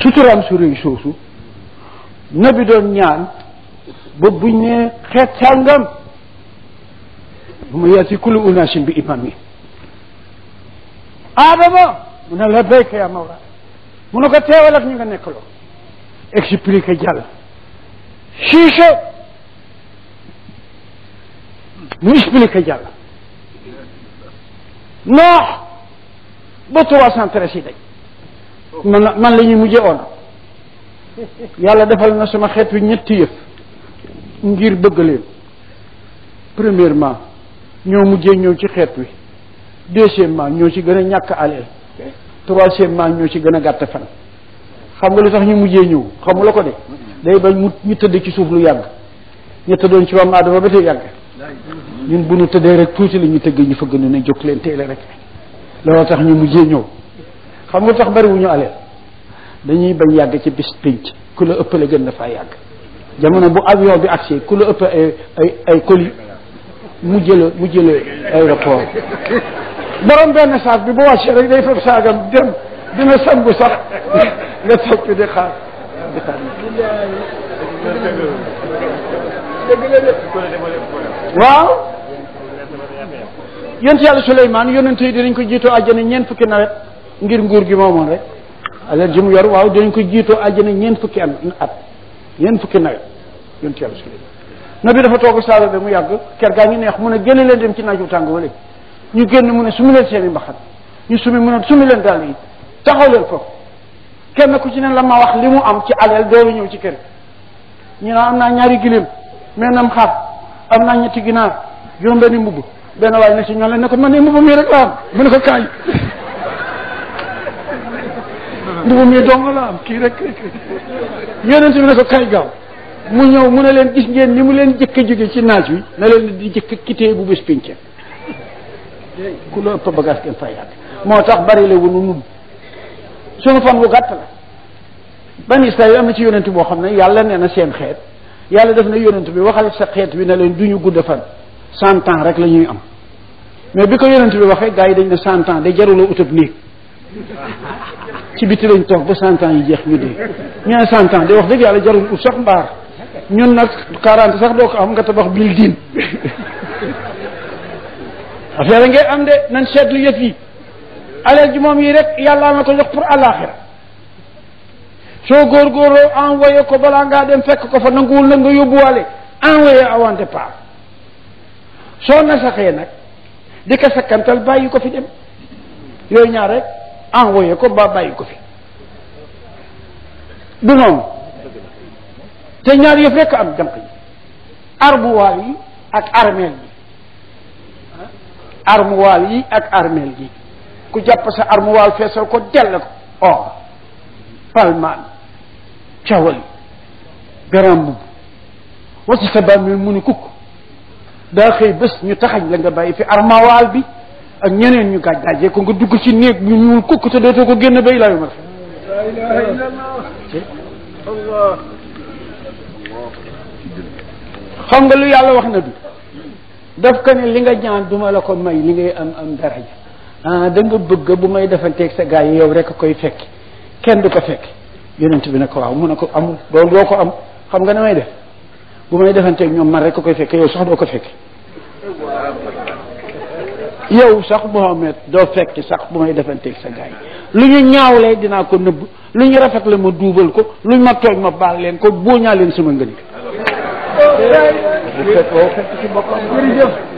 suturaam su rëy soosu nabi doon ñaan ba buñ ne xeet sàngam bu ma yaati kullu unaasin bi imam yi aadama mu ne la béyka yaa mawla mu ne ko teewal ak ñu nga nekk loo expliqué jàll chiche mu expliqué jàll noox ba trois cent treize yi dañ man man la ñuy mujjee oon yàlla defal na sama xeet wi ñetti yëf ngir bëgg leen premièrement ñoo mujjee ñëw ci xeet wi deuxièmement ñoo ci gën a ñàkk aleel troisièmement ñoo ci gën a gàtt fan xam nga lu tax ñu mujjee ñëw xamu la ko de day bañ mu ñu tëdd ci suuf lu yàgg ñett tëddoon ci wam aadama ba tey yàgg ñun bu ñu tëddee rek tuuti la ñu tëgg ñu fëgg ne jóg leen teele rek looloo tax ñu mujje ñëw xam nga tax bari wu dañuy bañ yàgg ci bis ku la ëppale gën na faa yàgg jamono bu avion bi agsi ku la ëpp ay ay ay colis mu jëla mu jëla benn saak bi bu wàccee rek day fab saagam dem dina sangu sax nga toog di xaar di yonent yàlla Suleymaan yonent yi dinañ ko jiitoo àjjana ñeent fukki nawet ngir nguur gi moomoon rek alal ji yor waaw dinañ ko jiitoo àjjana ñeent fukki an at ñeent fukki nawet yonent yàlla Suleymaan nabi dafa toog saaba bi mu yàgg ker gaa ngi neex mu ne génne leen dem ci naaj wu tàng ñu génn mu ne sumi leen seen i mbaxat ñu sumi mu ne sumi leen daal yi taxaw leen foofu kenn ku ci ne la ma wax li mu am ci alal dooru ñëw ci kër ñu naan am naa ñaari giléem mais nam xar am naa ñetti ginaar juróom-benni mbubb benn waay na si ñoom ne ko man ne mbubu mii rek la am mu ne ko kaay mbubu mii dong la am kii rek yonent bi ne ko kaay gaaw mu ñëw mu ne leen gis ngeen ni mu leen jëkk a jóge ci naaj wi na leen di jëkk kitee bu bis pince ku la ëpp bagage kenn fay moo tax bari la wunu nun sunu fan bu gàtt la ban Israël am na ci yonent boo xam ne yàlla nee na seen xeet yàlla def na yonent bi waxal sa xeet bi ne leen du ñu gudd fan cent ans rek la ñuy am mais bi ko yonent bi waxee gars yi dañ ne cent ans day jaruloo utub néeg ci biti lañ toog ba cent yi jeex ñu dee ñu ne cent ans wax dëgg yàlla jarul ut sax mbaar ñun nag quarante sax doo ko am nga tabax bil diin affaire ngay am de nañ seetlu yëf yi alal ji moom yi rek yàllaa na ko jox pour àllaaxira soo góorgóorloo envoyé ko balaa ngaa dem fekk ko fa nanguwul nag nga yóbbuwaale envoyé avant départ soo nasaxee nag di ko sakkantal bàyyi ko fi dem yooyu ñaar rek envoyé ko ba bàyyi ko fi du noonu te ñaar yëf rekk am jànq yi armoire yi ak armeel yi armoire yi ak armeel yi ku jàpp sa armoire feesal ko dell ko or palmaan cawal garam mbubb wasi sa bàmmeel mu ni kukk daa xëy bés ñu taxañ la nga bàyyi fi armawaal bi ak ñeneen ñu gàjjaaje ko nga dugg ci néeg ñu ñuul kukk te dootoo ko génn bay laayu ma xam nga lu yàlla wax na du daf ko ne li nga ñaan duma la ko may li ngay am am dara ji ah da nga bëgg bu may defanteeg sa gars yi yow rek koy fekk kenn du ko fekk yonent bi ne ko waaw mu ne ko amul loolu doo ko am xam nga ne may def bu may defanteek ñoom man rek ko koy fekke yow sax doo ko fekke yow sax Mohamed doo fekk sax bu may defanteeg sa gaay lu ñu ñaawlee dinaa ko nëbb lu ñu rafet la ma duubal ko lu ñu ma tooñ ma baal leen ko boo ñaa leen sama ngën gi